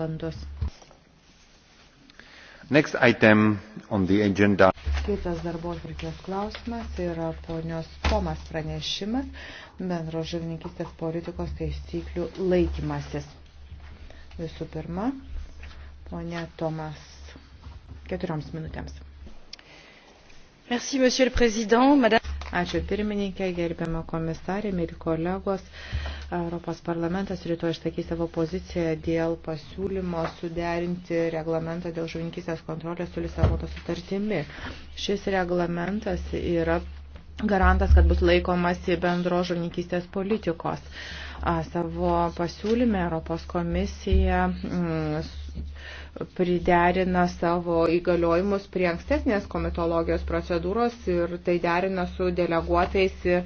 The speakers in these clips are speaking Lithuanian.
valandos. Next item on the agenda. Kitas darbo atvirkės klausimas yra ponios Tomas pranešimas bendro žuvininkistės politikos taisyklių laikymasis. Visų pirma, ponia Tomas, keturioms minutėms. Merci, monsieur le président, madame. Ačiū pirmininkė, gerbiama komisarė, mėly kolegos. Europos parlamentas rytoj išsakys savo poziciją dėl pasiūlymo suderinti reglamentą dėl žuvinkysės kontrolės su Lisabono sutartimi. Šis reglamentas yra garantas, kad bus laikomasi bendro žuvininkystės politikos. Savo pasiūlyme Europos komisija. Mm, priderina savo įgaliojimus prie ankstesnės komitologijos procedūros ir tai derina su deleguotais ir e,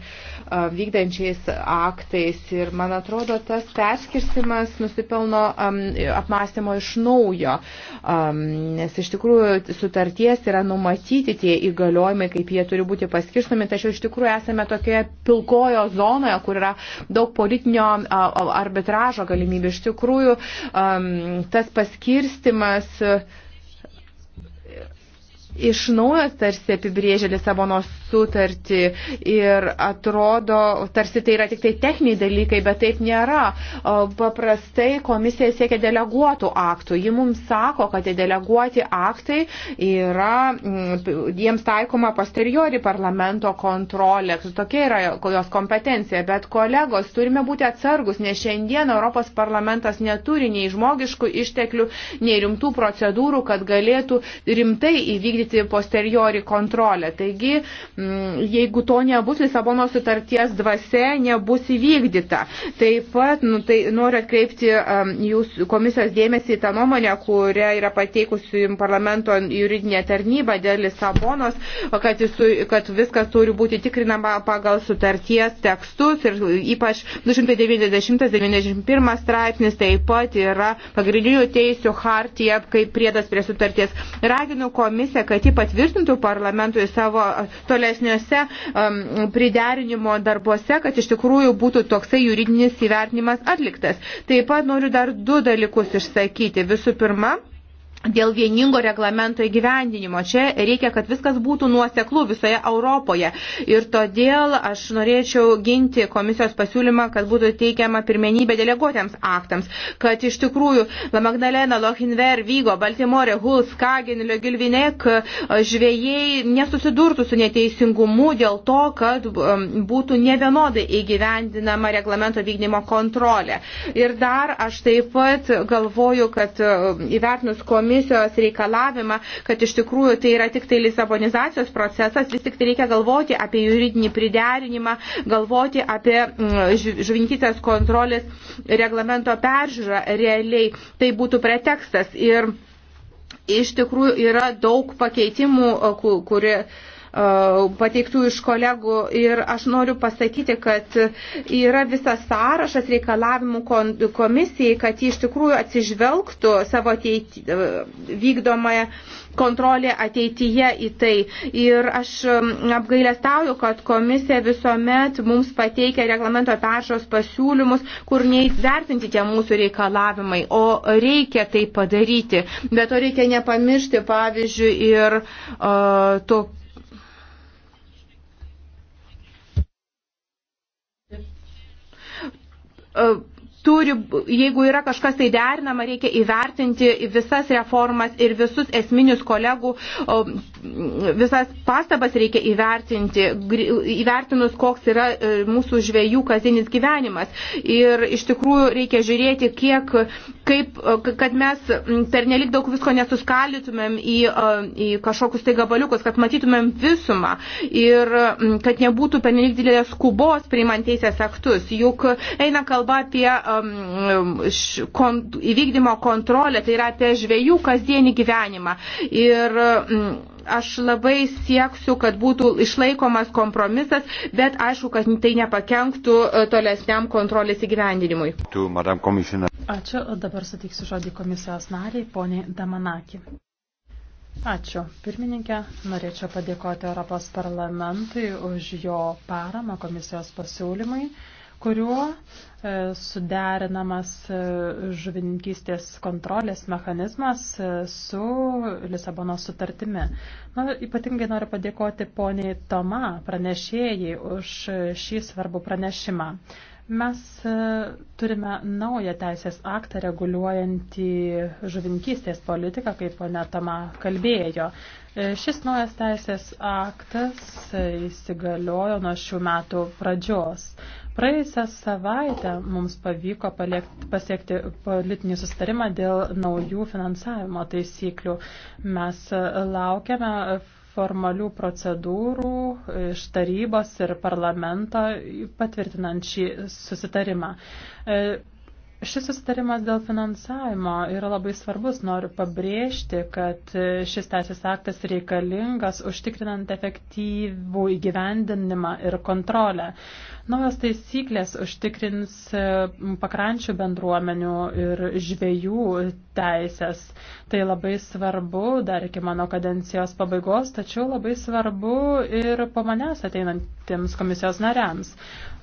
vykdančiais aktais. Ir man atrodo, tas perskirstimas nusipelno apmąstymo iš naujo, nes iš tikrųjų sutarties yra numatyti tie įgaliojimai, kaip jie turi būti paskirstomi, tačiau iš tikrųjų esame tokioje pilkojo zonoje, kur yra daug politinio arbitražo galimybių. Iš tikrųjų, tas paskirstimas įstatymas iš naujo tarsi apibrėžia Lisabono sutartį ir atrodo, tarsi tai yra tik tai techniniai dalykai, bet taip nėra. Paprastai komisija siekia deleguotų aktų. Ji mums sako, kad tie deleguoti aktai yra, mm, jiems taikoma posteriori parlamento kontrolė. Tokia yra jos kompetencija. Bet kolegos, turime būti atsargus, nes šiandien Europos parlamentas neturi nei žmogiškų išteklių, nei rimtų procedūrų, kad galėtų rimtai įvykdyti vykdyti posteriori kontrolę. Taigi, mm, jeigu to nebus, Lisabono sutarties dvasia nebus įvykdyta. Taip pat nu, tai noriu atkreipti um, jūsų komisijos dėmesį į tą nuomonę, kurią yra pateikusi parlamento juridinė tarnyba dėl Lisabonos, kad, jis, kad viskas turi būti tikrinama pagal sutarties tekstus ir ypač 290-91 straipsnis taip pat yra pagrindinių teisių hartija kaip priedas prie sutarties. Raginu komisiją, kad jį patvirtintų parlamentui savo tolesniuose um, priderinimo darbuose, kad iš tikrųjų būtų toksai juridinis įvertinimas atliktas. Taip pat noriu dar du dalykus išsakyti. Visų pirma, dėl vieningo reglamento įgyvendinimo. Čia reikia, kad viskas būtų nuoseklu visoje Europoje. Ir todėl aš norėčiau ginti komisijos pasiūlymą, kad būtų teikiama pirmenybė deleguotiems aktams, kad iš tikrųjų La Magdalena, Lochinver, Vygo, Baltimore, Huls, Kagin, Liogilvinek e, žvėjai nesusidurtų su neteisingumu dėl to, kad um, būtų nevienodai įgyvendinama reglamento vykdymo kontrolė. Ir dar aš taip pat galvoju, kad e, įvertinus komisiją, komisijos reikalavimą, kad iš tikrųjų tai yra tik tai lisabonizacijos procesas, vis tik tai reikia galvoti apie juridinį priderinimą, galvoti apie mm, žuvinkitės kontrolės reglamento peržiūrą realiai. Tai būtų pretekstas. Ir iš tikrųjų yra daug pakeitimų, kurie. Kuri pateiktų iš kolegų ir aš noriu pasakyti, kad yra visas sąrašas reikalavimų komisijai, kad jie iš tikrųjų atsižvelgtų savo ateitį, vykdomąją kontrolė ateityje į tai. Ir aš apgailestauju, kad komisija visuomet mums pateikia reglamento peršos pasiūlymus, kur neįvertinti tie mūsų reikalavimai, o reikia tai padaryti. Bet to reikia nepamiršti, pavyzdžiui, ir uh, tokių E, turi, jeigu yra kažkas tai derinama, reikia įvertinti visas reformas ir visus esminius kolegų, visas pastabas reikia įvertinti, įvertinus, koks yra e, mūsų žvėjų kazinis gyvenimas. Ir iš tikrųjų reikia žiūrėti, kiek kaip, e, kad mes per nelik daug visko nesuskalytumėm į, e, į kažkokius tai gabaliukus, kad matytumėm visumą ir kad nebūtų per nelik didelės skubos priimant teisės aktus. Juk eina kalba apie um, š, kon, įvykdymo kontrolę, tai yra apie žvėjų kasdienį gyvenimą. Ir, um, aš labai sieksiu, kad būtų išlaikomas kompromisas, bet aišku, kad tai nepakenktų e, tolesniam kontrolės įgyvendinimui. Ačiū, dabar suteiksiu žodį komisijos nariai, poniai Damanaki. Ačiū. Pirmininkė, norėčiau padėkoti Europos parlamentui už jo paramą komisijos pasiūlymui, kuriuo E, suderinamas e, žuvininkystės kontrolės mechanizmas e, su Lisabono sutartimi. Na, ypatingai noriu padėkoti poniai Toma pranešėjai už šį svarbų pranešimą. Mes turime naują teisės aktą reguliuojantį žuvininkystės politiką, kaip ponia Toma kalbėjo. Šis naujas teisės aktas įsigaliojo nuo šių metų pradžios. Praėjusią savaitę mums pavyko paliekti, pasiekti politinį sustarimą dėl naujų finansavimo taisyklių. Mes laukiame formalių procedūrų iš tarybos ir parlamento patvirtinant šį susitarimą. E, šis susitarimas dėl finansavimo yra labai svarbus. Noriu pabrėžti, kad šis teisės aktas reikalingas užtikrinant efektyvų įgyvendinimą ir kontrolę. Naujos taisyklės užtikrins e, pakrančių bendruomenių ir žvėjų teisės. Tai labai svarbu dar iki mano kadencijos pabaigos, tačiau labai svarbu ir po manęs ateinantiems komisijos nariams.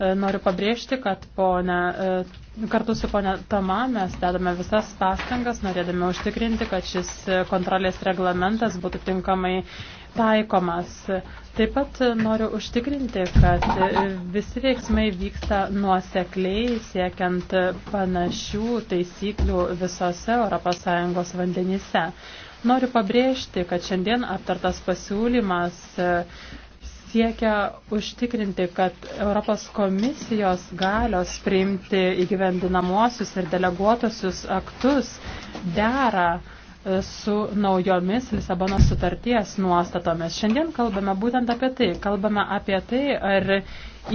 E, noriu pabrėžti, kad ponia, e, kartu su ponia Tama mes dedame visas pastangas, norėdami užtikrinti, kad šis kontrolės reglamentas būtų tinkamai taikomas. Taip pat noriu užtikrinti, kad visi veiksmai vyksta nuosekliai, siekiant panašių taisyklių visose ES vandenyse. Noriu pabrėžti, kad šiandien aptartas pasiūlymas siekia užtikrinti, kad Europos komisijos galios priimti įgyvendinamuosius ir deleguotusius aktus dera su naujomis Lisabonos sutarties nuostatomis. Šiandien kalbame būtent apie tai. Kalbame apie tai, ar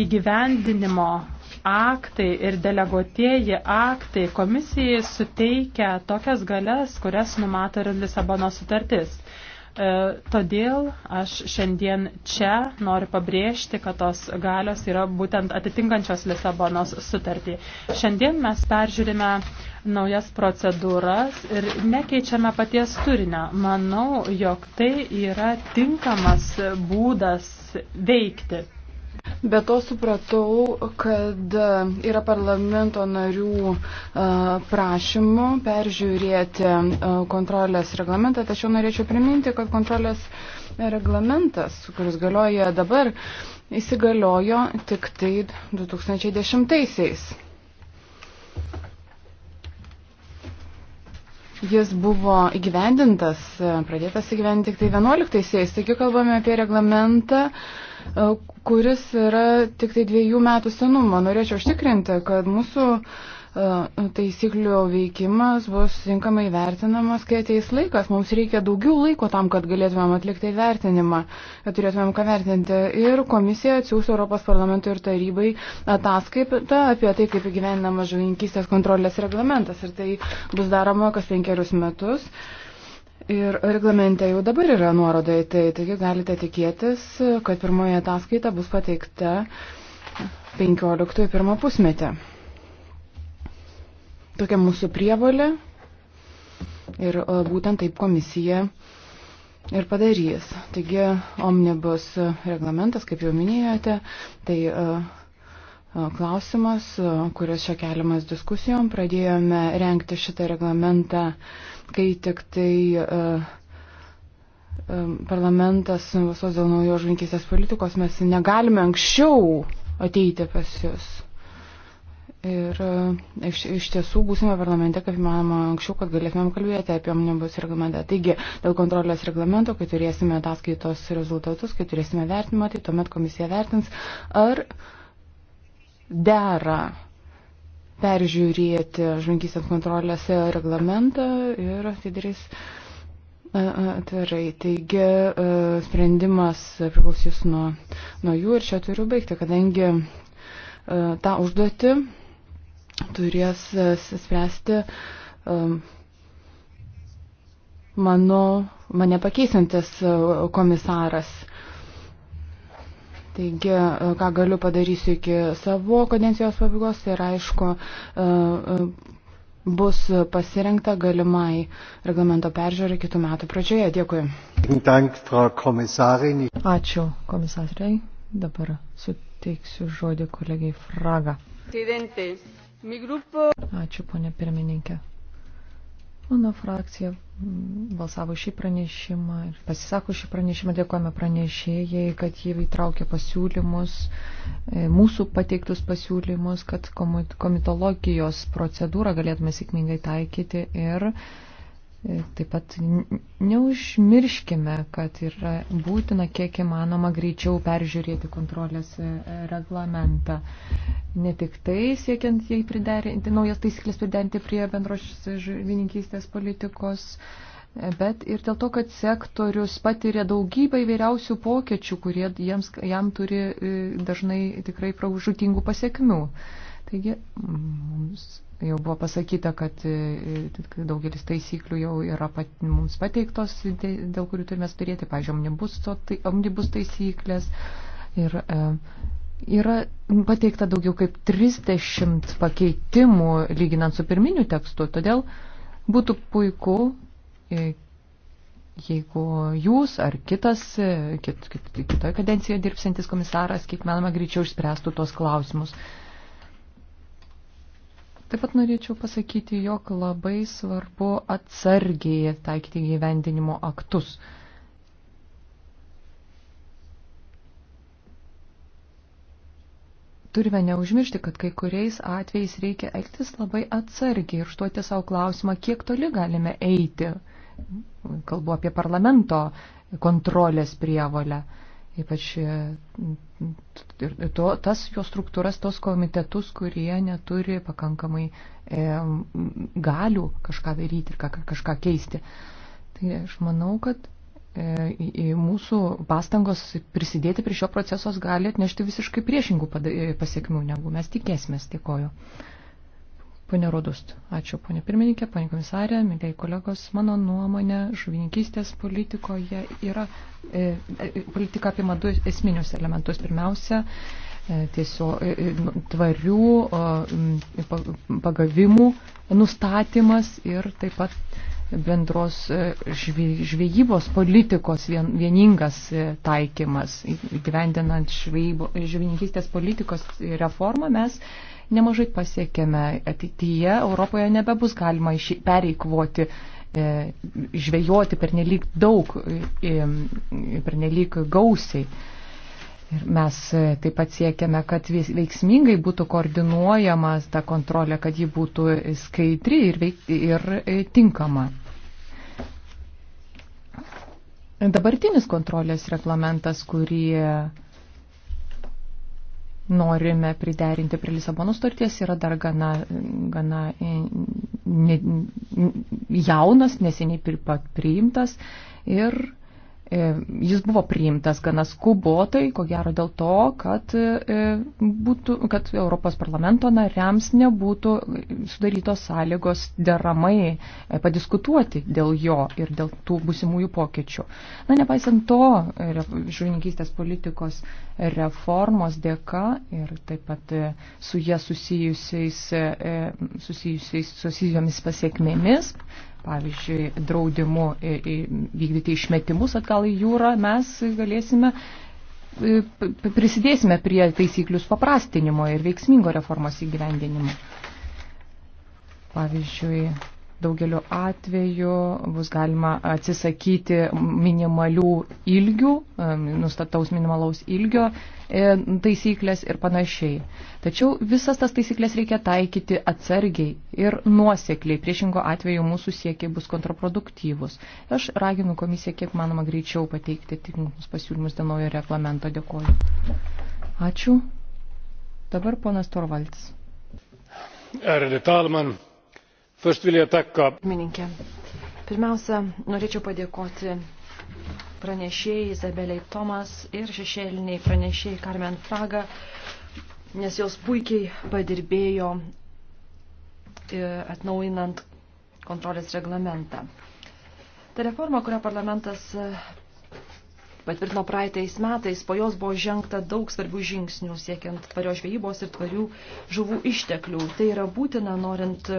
įgyvendinimo aktai ir deleguotieji aktai komisijai suteikia tokias galias, kurias numato ir Lisabono sutartis. E, todėl aš šiandien čia noriu pabrėžti, kad tos galios yra būtent atitinkančios Lisabonos sutartį. Šiandien mes peržiūrime naujas procedūras ir nekeičiame paties turinio. Manau, jog tai yra tinkamas būdas veikti. Be to supratau, kad yra parlamento narių prašymų peržiūrėti kontrolės reglamentą, tačiau norėčiau priminti, kad kontrolės reglamentas, kuris galioja dabar, įsigaliojo tik tai 2010-aisiais. Jis buvo įgyvendintas, pradėtas įgyvendinti tik tai 11-aisiais, taigi kalbame apie reglamentą, uh, E, kuris yra tik tai dviejų metų senumo. Norėčiau užtikrinti, kad mūsų e, taisyklių veikimas bus tinkamai vertinamas, kai ateis laikas. Mums reikia daugiau laiko tam, kad galėtumėm atlikti vertinimą, kad turėtumėm ką vertinti. Ir komisija atsiūs Europos parlamentui ir tarybai ataskaitą apie tai, kaip įgyveninamas žuvininkystės kontrolės reglamentas. Ir tai bus daroma kas penkerius metus. Uh, Ir reglamente jau dabar yra nuoroda į tai, taigi galite tikėtis, kad pirmoji ataskaita bus pateikta 15.1 pusmetį. Tokia mūsų prievalė ir e, būtent taip komisija ir padarys. Taigi omnibus reglamentas, kaip jau minėjote, tai uh, klausimas, kuris čia keliamas diskusijom. Pradėjome renkti šitą reglamentą, kai tik tai uh, parlamentas visos dėl naujos žvinkistės politikos mes negalime anksčiau ateiti pas jūs. Ir e, iš, iš tiesų būsime parlamente, kaip įmanoma, anksčiau, kad galėtumėm kalbėti apie omnibus reglamentą. Taigi, dėl kontrolės reglamento, kai turėsime ataskaitos rezultatus, kai turėsime vertinimą, tai tuomet komisija vertins, ar uh, dera peržiūrėti žvankystės kontrolės reglamentą ir atidarys e, e, atvirai. Taigi e, sprendimas priklausys nuo, nuo jų ir čia turiu baigti, kadangi tą užduotį turės spręsti mano, mane pakeisantis komisaras. Taigi, e, ką galiu padarysiu iki savo kadencijos pabaigos ir aišku, e, e, bus pasirengta galimai reglamento peržiūrai kitų metų pradžioje. Dėkui. Ačiū komisariai. Dabar suteiksiu žodį kolegiai Fraga. Ačiū, ponė pirmininkė. Mano frakcija mm, balsavo šį pranešimą ir pasisako šį pranešimą, dėkojame pranešėjai, kad jie įtraukė pasiūlymus, e, mūsų pateiktus pasiūlymus, kad komitologijos procedūrą galėtume sėkmingai taikyti ir Taip pat neužmirškime, kad yra būtina kiek įmanoma greičiau peržiūrėti kontrolės e, reglamentą. Ne tik tai siekiant jai priderinti, naujas taisyklės priderinti prie bendros žuvininkystės politikos, bet ir dėl to, kad sektorius patiria daugybę įvairiausių pokyčių, kurie jiems, jam turi e, dažnai tikrai pražutingų pasiekmių. Taigi mums Jau buvo pasakyta, kad e, e, daugelis taisyklių jau yra pat, mums pateiktos, dėl kurių turime turėti, pažiūrėjau, tai, omnibus taisyklės. Ir e, yra pateikta daugiau kaip 30 pakeitimų lyginant su pirminiu tekstu, todėl būtų puiku, e, jeigu jūs ar kitas, e, kit, kit, kitoje kadencijoje dirbsantis komisaras, kiek manoma, greičiau išspręstų tuos klausimus. E, Taip pat norėčiau pasakyti, jog labai svarbu atsargiai taikyti gyvendinimo aktus. Turime neužmiršti, kad kai kuriais atvejais reikia elgtis labai atsargiai ir užduoti savo klausimą, kiek toli galime eiti. Kalbu apie parlamento kontrolės prievolę. Ypač e, to, tas jo struktūras, tos komitetus, kurie neturi pakankamai e, galių kažką daryti ir kažką keisti. Tai aš manau, kad e, mūsų pastangos prisidėti prie šio procesos gali atnešti visiškai priešingų e, pasiekmių, negu mes tikėsimės. Dėkoju. Pone Rodust, ačiū ponė pirmininkė, ponė komisarė, mėgai kolegos, mano nuomonė, žuvininkystės politikoje yra, e, e, politika apima du esminius elementus. Pirmiausia, e, tiesiog e, e tvarių e, pagavimų nustatymas ir taip pat bendros e, žvejybos politikos vien, vieningas taikymas. Įgyvendinant žvejybos, žuvininkystės politikos reformą mes nemažai pasiekėme. Ateityje Europoje nebebus galima pereikvoti, e, žvejoti per nelik daug, e, per nelik gausiai. Ir mes e, taip pat siekiame, kad veiksmingai būtų koordinuojamas ta kontrolė, kad ji būtų skaidri ir, veik, ir tinkama. Dabartinis kontrolės reglamentas, kurį norime priderinti prie Lisabono starties, yra dar gana, gana e, ne, jaunas, neseniai priimtas ir E, jis buvo priimtas gana skubotai, ko gero dėl to, kad, e, būtų, kad Europos parlamento nariams nebūtų sudarytos sąlygos deramai e, padiskutuoti dėl jo ir dėl tų būsimųjų pokyčių. Na, nepaisant to, žuvininkystės politikos reformos dėka ir taip pat su jie susijusiais, susijusiais, susijusiamis pasiekmėmis pavyzdžiui, draudimu vykdyti išmetimus atgal į jūrą, mes galėsime e, prisidėsime prie taisyklių paprastinimo ir veiksmingo reformos įgyvendinimo. Pavyzdžiui, daugeliu atveju bus galima atsisakyti minimalių ilgių, e, nustataus minimalaus ilgio e, taisyklės ir panašiai. Tačiau visas tas taisyklės reikia taikyti atsargiai ir nuosekliai, priešingo atveju mūsų siekiai bus kontraproduktyvus. Aš raginu komisiją kiek manoma greičiau pateikti tinkamus pasiūlymus dėl naujo reglamento. Dėkoju. Ačiū. Dabar ponas Torvalds. Ärade talman! Pirmininkė, pirmiausia, norėčiau padėkoti pranešėjai Izabeliai Tomas ir šešėliniai pranešėjai Carmen Fraga, nes jos puikiai padirbėjo e, atnaujinant kontrolės reglamentą. Ta reforma, kurią parlamentas e, patvirtino praeitais metais, po jos buvo žengta daug svarbių žingsnių siekiant tvarios žvejybos ir tvarių žuvų išteklių. Tai yra būtina norint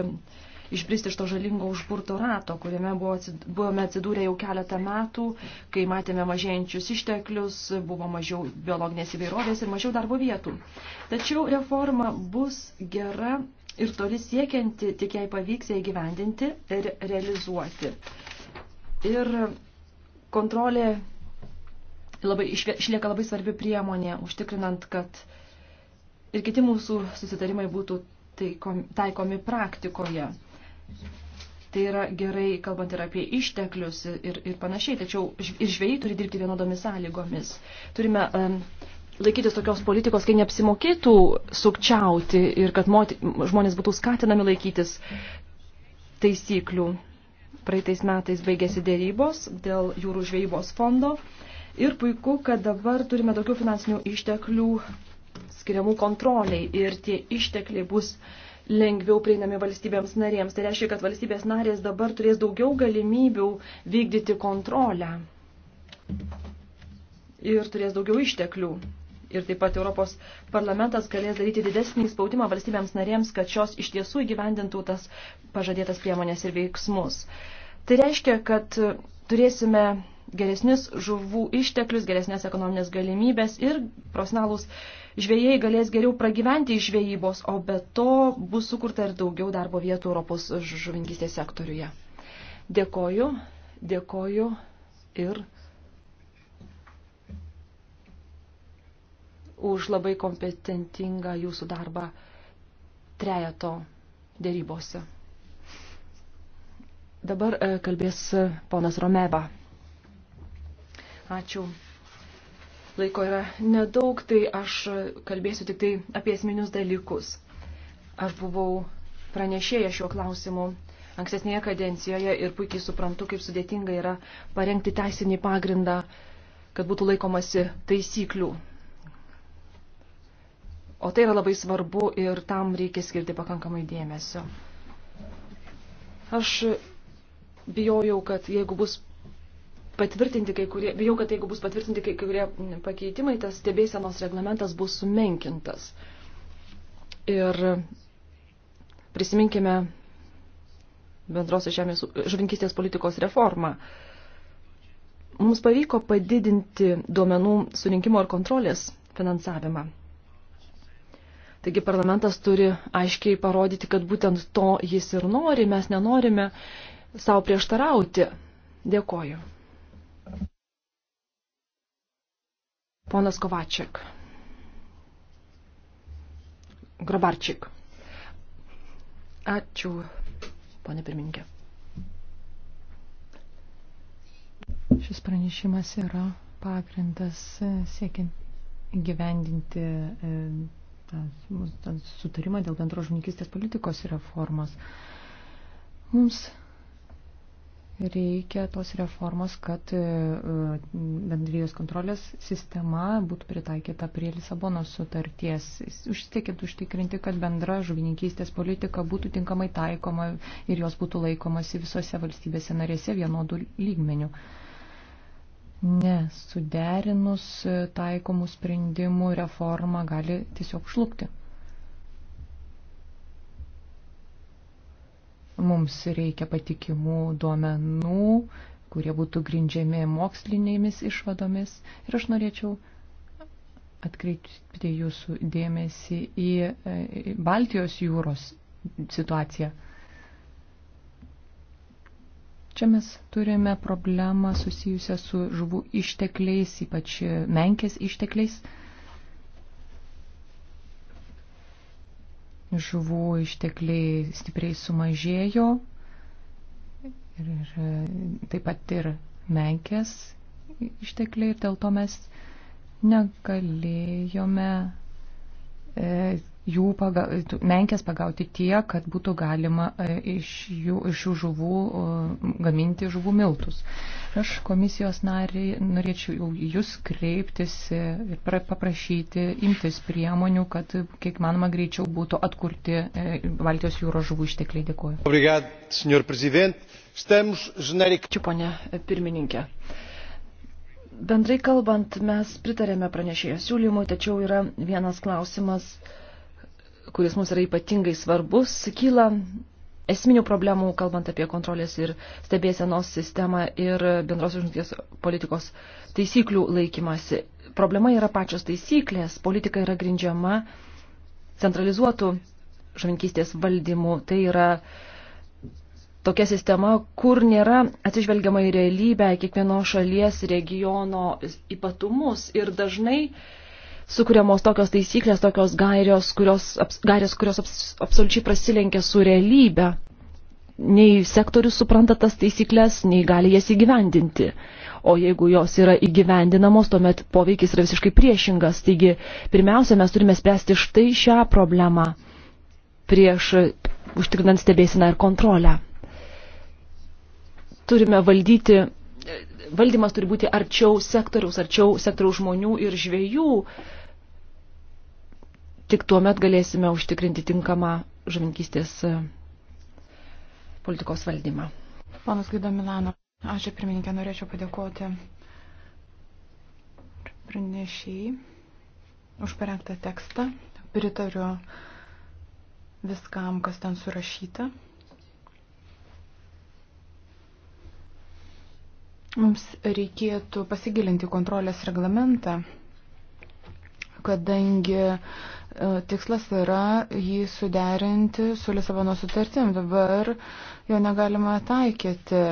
išbristi iš to žalingo užburto rato, kuriame buvo, buvome atsidūrę jau keletą metų, kai matėme mažėjančius išteklius, buvo mažiau biologinės įvairovės ir mažiau darbo vietų. Tačiau reforma bus gera ir toli siekianti, tik jai pavyks ją įgyvendinti ir realizuoti. Ir kontrolė labai, išlieka labai svarbi priemonė, užtikrinant, kad ir kiti mūsų susitarimai būtų taikomi praktikoje. Tai yra gerai, kalbant ir apie išteklius ir, ir panašiai, tačiau ir žvėjai turi dirbti vienodomis sąlygomis. Turime um, laikytis tokios politikos, kai neapsimokėtų sukčiauti ir kad moti, žmonės būtų skatinami laikytis taisyklių. Praeitais metais baigėsi dėrybos dėl jūrų žvejybos fondo ir puiku, kad dabar turime daugiau finansinių išteklių skiriamų kontroliai ir tie ištekliai bus uh, lengviau prieinami valstybėms narėms. Tai reiškia, kad valstybės narės dabar turės daugiau galimybių vykdyti kontrolę ir turės daugiau išteklių. Ir taip pat Europos parlamentas galės daryti didesnį spaudimą valstybėms narėms, kad šios iš tiesų įgyvendintų tas pažadėtas priemonės ir veiksmus. Tai reiškia, kad turėsime geresnius žuvų išteklius, geresnės ekonominės galimybės ir profesionalus žvėjai galės geriau pragyventi iš žvėjybos, o be to bus sukurta ir daugiau darbo vietų Europos žuvingystės sektoriuje. Dėkoju, dėkoju ir už labai kompetentingą jūsų darbą trejato dėrybose. Dabar e, kalbės ponas Romeva. Ačiū laiko yra nedaug, tai aš kalbėsiu tik tai apie esminius dalykus. Aš buvau pranešėję šiuo klausimu ankstesnėje kadencijoje ir puikiai suprantu, kaip sudėtinga yra parengti teisinį pagrindą, kad būtų laikomasi taisyklių. O tai yra labai svarbu ir tam reikia skirti pakankamai dėmesio. Aš bijojau, kad jeigu bus patvirtinti kai kurie, bijau, kad jeigu bus patvirtinti kai kurie pakeitimai, tas stebėsenos reglamentas bus sumenkintas. Ir prisiminkime bendrosios žemės žuvinkistės politikos reformą. Mums pavyko padidinti duomenų surinkimo ir kontrolės finansavimą. Taigi parlamentas turi aiškiai parodyti, kad būtent to jis ir nori, mes nenorime savo prieštarauti. Dėkoju. Ponas Kovačiak. Grabarčik. Ačiū, ponė pirmininkė. Šis pranešimas yra pagrindas e, siekiant gyvendinti e, sutarimą dėl bendro žmonikistės politikos reformos. Mums Reikia tos reformos, kad e, bendrijos kontrolės sistema būtų pritaikyta prie Lisabonos sutarties, užsitikint užtikrinti, kad bendra žuvininkystės politika būtų tinkamai taikoma ir jos būtų laikomasi visose valstybėse narėse vienodų lygmenių. Nesuderinus e, taikomų sprendimų reforma gali tiesiog šlukti. Mums reikia patikimų duomenų, kurie būtų grindžiami mokslinėmis išvadomis. Ir aš norėčiau atkreipti jūsų dėmesį į Baltijos jūros situaciją. Čia mes turime problemą susijusią su žuvų ištekliais, ypač menkės ištekliais. žuvų ištekliai stipriai sumažėjo ir, ir taip pat ir menkės ištekliai ir dėl to mes negalėjome e, jų paga, menkės pagauti tiek, kad būtų galima e, iš jų, iš jų žuvų e, gaminti žuvų miltus. Aš komisijos nariai norėčiau jūs kreiptis ir paprašyti imtis priemonių, kad kiek manoma greičiau būtų atkurti e, Baltijos jūros žuvų ištekliai. Dėkuoju. Ačiū, ponė pirmininkė. Bendrai kalbant, mes pritarėme pranešėjo siūlymui, tačiau yra vienas klausimas, kuris mums yra ypatingai svarbus, kyla esminių problemų, kalbant apie kontrolės ir stebėsenos sistemą ir bendros užimties politikos taisyklių laikymasi. Problema yra pačios taisyklės, politika yra grindžiama centralizuotų žavinkystės valdymų. Tai yra tokia sistema, kur nėra atsižvelgiama į realybę, kiekvieno šalies regiono ypatumus ir dažnai uh, sukūriamos tokios taisyklės, tokios gairios, kurios, aps, gairios, kurios aps, absoliučiai prasilenkia su realybė. Nei sektorius supranta tas taisyklės, nei gali jas įgyvendinti. O jeigu jos yra įgyvendinamos, tuomet poveikis yra visiškai priešingas. Taigi, pirmiausia, mes turime spręsti štai šią problemą prieš užtikrinant stebėsiną ir kontrolę. Turime valdyti valdymas turi būti arčiau sektoriaus, arčiau sektoriaus žmonių ir žvėjų, tik tuo met galėsime užtikrinti tinkamą žuvinkystės e, politikos valdymą. Panas Gaido Milano, ačiū pirmininkė, norėčiau padėkoti pranešėjai už parengtą tekstą. Pritariu viskam, kas ten surašyta. Mums reikėtų pasigilinti kontrolės reglamentą kadangi e, tikslas yra jį suderinti su Lisabono sutartim. Dabar jo negalima taikyti.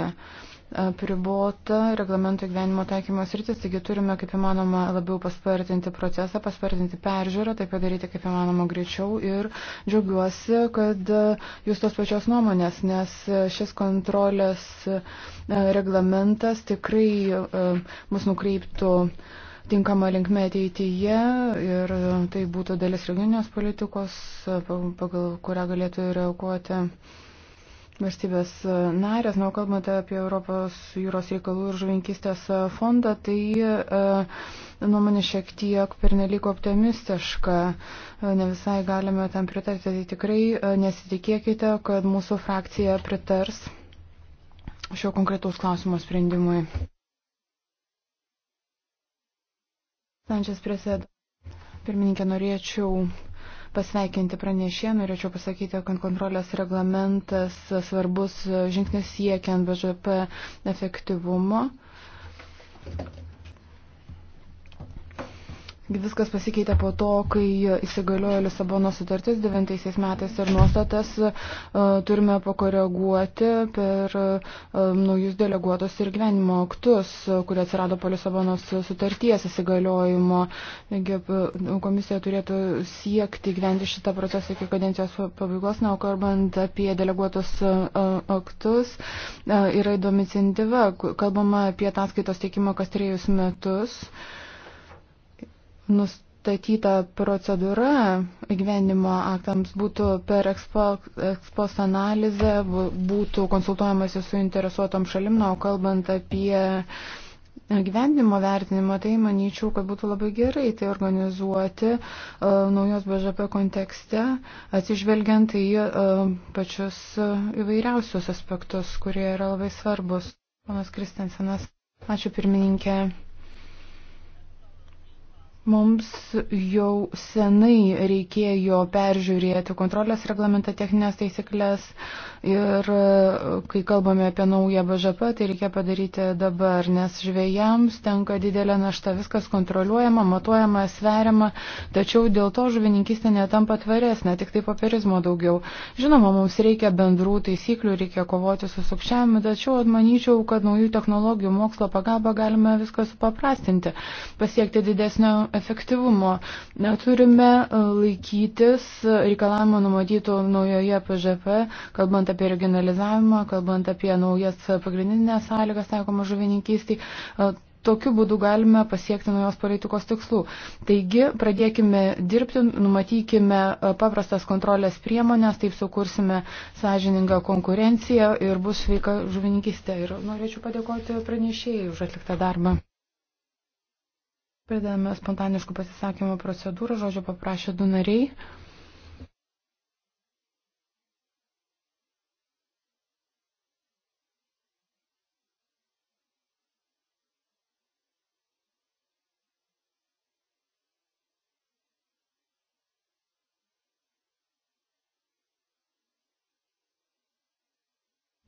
Pribota reglamento gyvenimo taikymos rytis, taigi turime kaip įmanoma labiau paspartinti procesą, paspartinti peržiūrą, tai padaryti kaip įmanoma greičiau ir džiaugiuosi, kad jūs tos pačios nuomonės, nes šis kontrolės e, reglamentas tikrai e, mus nukreiptų uh, tinkama linkme ateityje ir tai būtų dalis regioninės politikos, pagal kurią galėtų reaguoti valstybės narės. Nu, kalbant apie Europos jūros reikalų ir žuvinkistės fondą, tai e, nuomonė šiek tiek pernelyg optimistiška. E, ne visai galime tam pritarti. Tai tikrai e, nesitikėkite, kad mūsų frakcija pritars šio konkretaus klausimo sprendimui. Sančias prisėdo. Pirmininkė, norėčiau pasveikinti pranešė, norėčiau pasakyti, kad kontrolės reglamentas svarbus žingsnis siekiant BŽP efektyvumo. Viskas pasikeitė po to, kai įsigaliojo Lisabono sutartis 9 metais ir nuostatas e, turime pakoreguoti per e, naujus deleguotus ir gyvenimo aktus, kurie atsirado po Lisabonos sutarties įsigaliojimo. Taigi e, komisija turėtų siekti gyventi šitą procesą iki kadencijos pabaigos. Na, o kalbant apie deleguotus aktus, yra įdomi iniciatyva. Kalbama apie ataskaitos teikimą kas trejus metus. Uh, nustatyta procedūra gyvenimo aktams būtų per ekspos analizę, būtų konsultuojamasi su interesuotom šalim, na, o kalbant apie gyvenimo vertinimą, tai manyčiau, kad būtų labai gerai tai organizuoti uh, naujos BŽP kontekste, atsižvelgiant į uh, pačius uh, įvairiausius aspektus, kurie yra labai svarbus. Panas Kristensenas, ačiū pirmininkė. Mums jau senai reikėjo peržiūrėti kontrolės reglamentą techninės taisyklės ir e, kai kalbame apie naują BŽP, tai reikia padaryti dabar, nes žvėjams tenka didelė našta, viskas kontroliuojama, matuojama, sveriama, tačiau dėl to žuvininkistė netampa tvaresnė, tik tai papirizmo daugiau. Žinoma, mums reikia bendrų taisyklių, reikia kovoti su sukčiavimu, tačiau manyčiau, kad naujų technologijų mokslo pagalba galime viską supaprastinti, pasiekti didesnio efektyvumo. Neturime e, laikytis reikalavimo numatyto naujoje PŽP, kalbant apie regionalizavimą, kalbant apie naujas pagrindinės sąlygas taikomą žuvininkystį. E, tokiu būdu galime pasiekti naujos politikos tikslų. Taigi, pradėkime dirbti, numatykime e, paprastas kontrolės priemonės, taip sukursime sąžiningą konkurenciją ir bus sveika žuvininkistė. Ir norėčiau padėkoti pranešėjai už atliktą darbą. Pradėjome spontaniškų pasisakymų procedūrą, žodžio paprašė du nariai.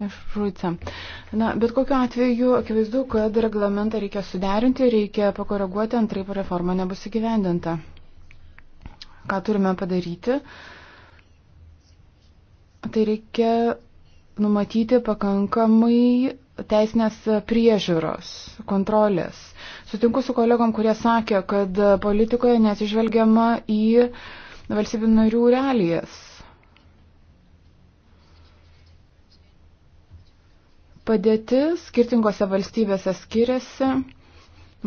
Iš Šuica. Na, bet kokiu atveju, akivaizdu, kad reglamentą reikia suderinti, reikia pakoreguoti, antraip reforma nebus įgyvendinta. Ką turime padaryti? Tai reikia numatyti pakankamai teisinės priežiūros, kontrolės. Sutinku su kolegom, kurie sakė, kad politikoje nesižvelgiama į valstybių narių realijas Padėtis skirtingose valstybėse skiriasi.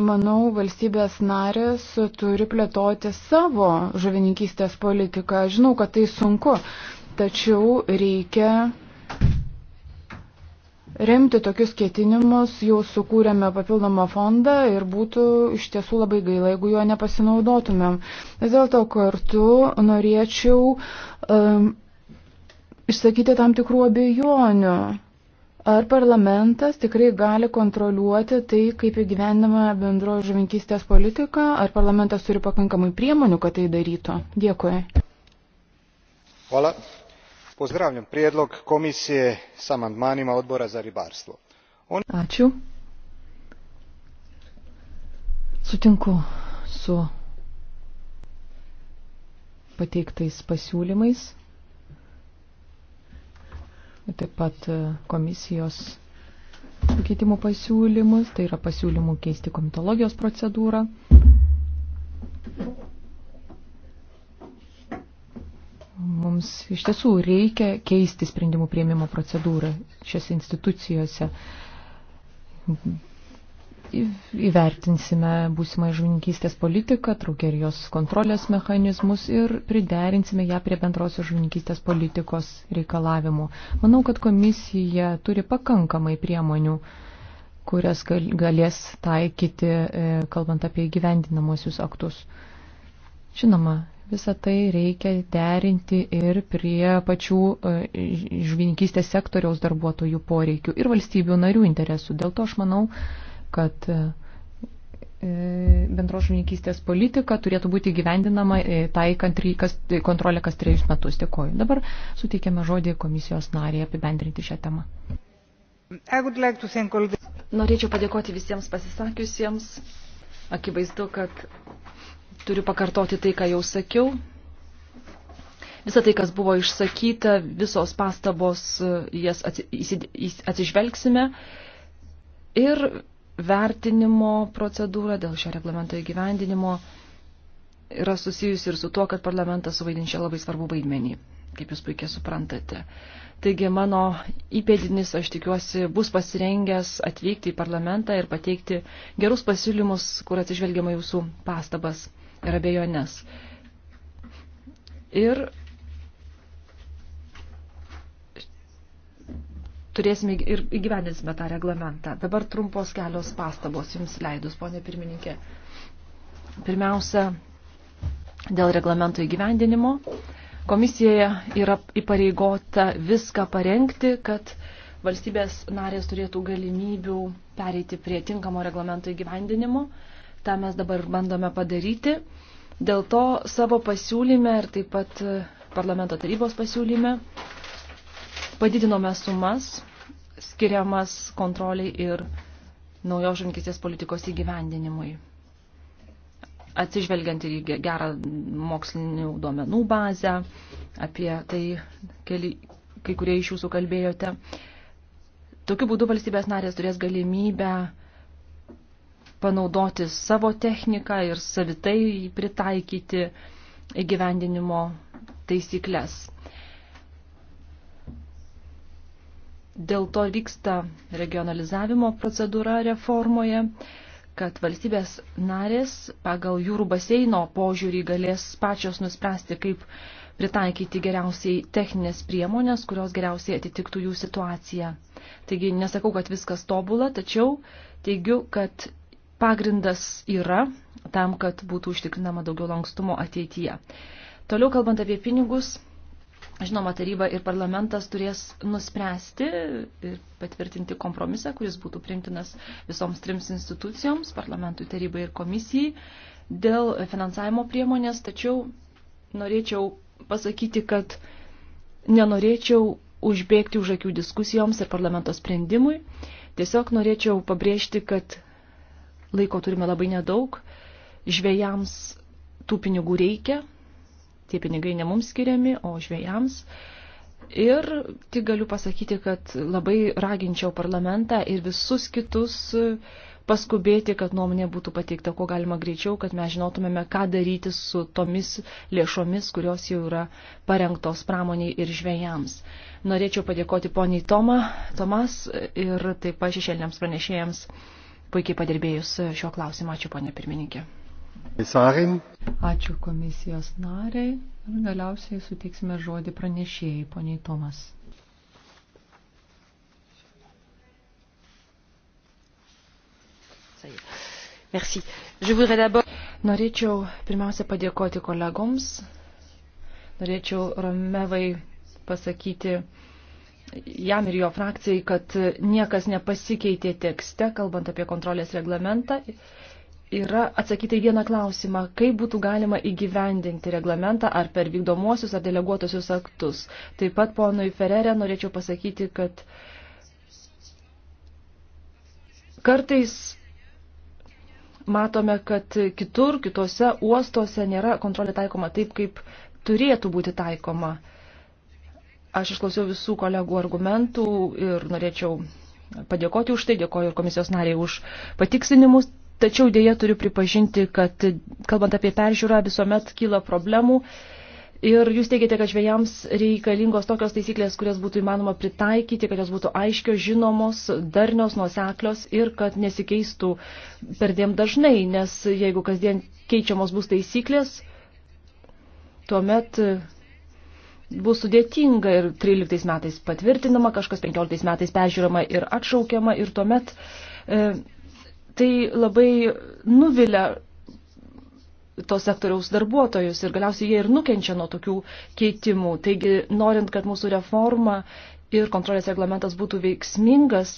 Manau, valstybės narės turi plėtoti savo žuvininkystės politiką. Žinau, kad tai sunku, tačiau reikia remti tokius ketinimus, jau sukūrėme papildomą fondą ir būtų iš tiesų labai gaila, jeigu jo nepasinaudotumėm. Vis dėlto kartu norėčiau um, išsakyti tam tikrų abejonių. Ar parlamentas tikrai gali kontroliuoti tai, kaip įgyvendama bendroji žuvinkystės politika? Ar parlamentas turi pakankamai priemonių, kad tai darytų? Dėkui. Hvala. Pozdravljam prijedlog komisije s amandmanima odbora za ribarstvo. On... Ačiū. Sutinku su pateiktais pasiūlymais taip pat e, komisijos pakeitimų pasiūlymus, tai yra pasiūlymų keisti komitologijos procedūrą. Mums iš tiesų reikia keisti sprendimų prieimimo procedūrą šiose institucijose įvertinsime būsimą žuvininkystės politiką, traukia ir jos kontrolės mechanizmus ir priderinsime ją prie bendrosios žuvininkystės politikos reikalavimų. Manau, kad komisija turi pakankamai priemonių, kurias galės taikyti, e, kalbant apie gyvendinamosius aktus. Žinoma, visą tai reikia derinti ir prie pačių e, žuvininkystės sektoriaus darbuotojų poreikių ir valstybių narių interesų. Dėl to aš manau, kad e, e, bendros žuvininkystės politika turėtų būti gyvendinama e, taikant kontrolę kas trejus metus. Dėkoju. Dabar suteikiame žodį komisijos nariai apibendrinti šią temą. Norėčiau padėkoti visiems pasisakiusiems. Akivaizdu, kad turiu pakartoti tai, ką jau sakiau. Visą tai, kas buvo išsakyta, visos pastabos, jas atsižvelgsime. Ir vertinimo procedūra, dėl šio reglamento įgyvendinimo yra susijusi ir su tuo, kad parlamentas suvaidin čia labai svarbu vaidmenį, kaip jūs puikiai suprantate. Taigi mano įpėdinis, aš tikiuosi, bus pasirengęs atvykti į parlamentą ir pateikti gerus pasiūlymus, kur atsižvelgiama jūsų pastabas ir abejonės. Ir turėsime ir įgyvendinsime tą reglamentą. Dabar trumpos kelios pastabos jums leidus, ponė pirmininkė. Pirmiausia, dėl reglamento įgyvendinimo. Komisijoje yra įpareigota viską parengti, kad valstybės narės turėtų galimybių pereiti prie tinkamo reglamento įgyvendinimo. Ta mes dabar bandome padaryti. Dėl to savo pasiūlyme ir taip pat e, parlamento tarybos pasiūlyme Padidinome sumas skiriamas kontroliai ir naujos žankistės politikos įgyvendinimui. Atsižvelgiant į gerą mokslinių duomenų bazę, apie tai keli, kai kurie iš jūsų kalbėjote. Tokiu būdu valstybės narės turės galimybę panaudoti savo techniką ir savitai pritaikyti įgyvendinimo taisyklės. Dėl to vyksta regionalizavimo procedūra reformoje, kad valstybės narės pagal jūrų baseino požiūrį galės pačios nuspręsti, kaip pritaikyti geriausiai techninės priemonės, kurios geriausiai atitiktų jų situaciją. Taigi nesakau, kad viskas tobula, tačiau teigiu, kad pagrindas yra tam, kad būtų užtikrinama daugiau lankstumo ateityje. Toliau kalbant apie pinigus, Žinoma, taryba ir parlamentas turės nuspręsti ir patvirtinti kompromisą, kuris būtų priimtinas visoms trims institucijoms, parlamentui, tarybai ir komisijai, dėl finansavimo priemonės, tačiau norėčiau pasakyti, kad nenorėčiau užbėgti už akių diskusijoms ir parlamento sprendimui. Tiesiog norėčiau pabrėžti, kad laiko turime labai nedaug, žvėjams tų pinigų reikia, tie pinigai ne mums skiriami, o žvėjams. Ir tik galiu pasakyti, kad labai raginčiau parlamentą ir visus kitus paskubėti, kad nuomonė būtų pateikta kuo galima greičiau, kad mes žinotumėme, ką daryti su tomis lėšomis, kurios jau yra parengtos pramoniai ir žvėjams. Norėčiau padėkoti poniai Toma, Tomas ir taip pat šešėliniams pranešėjams puikiai padirbėjus šio klausimą. Ačiū, ponė pirmininkė. Komisarin. Ačiū komisijos nariai. Ir galiausiai suteiksime žodį pranešėjai, poniai Tomas. Norėčiau pirmiausia padėkoti kolegoms. Norėčiau Romevai pasakyti jam ir jo frakcijai, kad niekas nepasikeitė tekste, kalbant apie kontrolės reglamentą yra atsakyti į vieną klausimą, kaip būtų galima įgyvendinti reglamentą ar per vykdomuosius ar deleguotosius aktus. Taip pat ponui Ferrerė norėčiau pasakyti, kad kartais matome, kad kitur, kitose uostuose nėra kontrolė taikoma taip, kaip turėtų būti taikoma. Aš išklausiau visų kolegų argumentų ir norėčiau padėkoti už tai, dėkoju ir komisijos nariai už patikslinimus, Tačiau dėja turiu pripažinti, kad kalbant apie peržiūrą visuomet kyla problemų. Ir jūs teigiate, kad žvėjams reikalingos tokios taisyklės, kurias būtų įmanoma pritaikyti, kad jos būtų aiškios, žinomos, darnios, nuoseklios ir kad nesikeistų perdėm dažnai, nes jeigu kasdien keičiamos bus taisyklės, tuomet bus sudėtinga ir 13 metais patvirtinama, kažkas 15 metais peržiūrama ir atšaukiama ir tuomet e, tai labai nuvilia to sektoriaus darbuotojus ir galiausiai jie ir nukenčia nuo tokių keitimų. Taigi, norint, kad mūsų reforma ir kontrolės reglamentas būtų veiksmingas,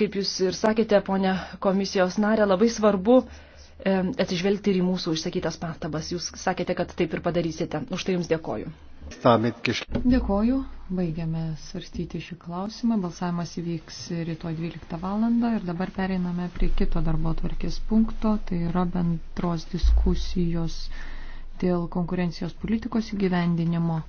kaip jūs ir sakėte, ponė komisijos narė, labai svarbu, E, atsižvelgti ir į mūsų užsakytas pastabas. Jūs sakėte, kad taip ir padarysite. Už tai Jums dėkoju. Dėkoju. Baigiame svarstyti šį klausimą. Balsavimas įvyks rytoj 12 val. ir dabar pereiname prie kito darbo tvarkės punkto. Tai yra bendros diskusijos dėl konkurencijos politikos įgyvendinimo.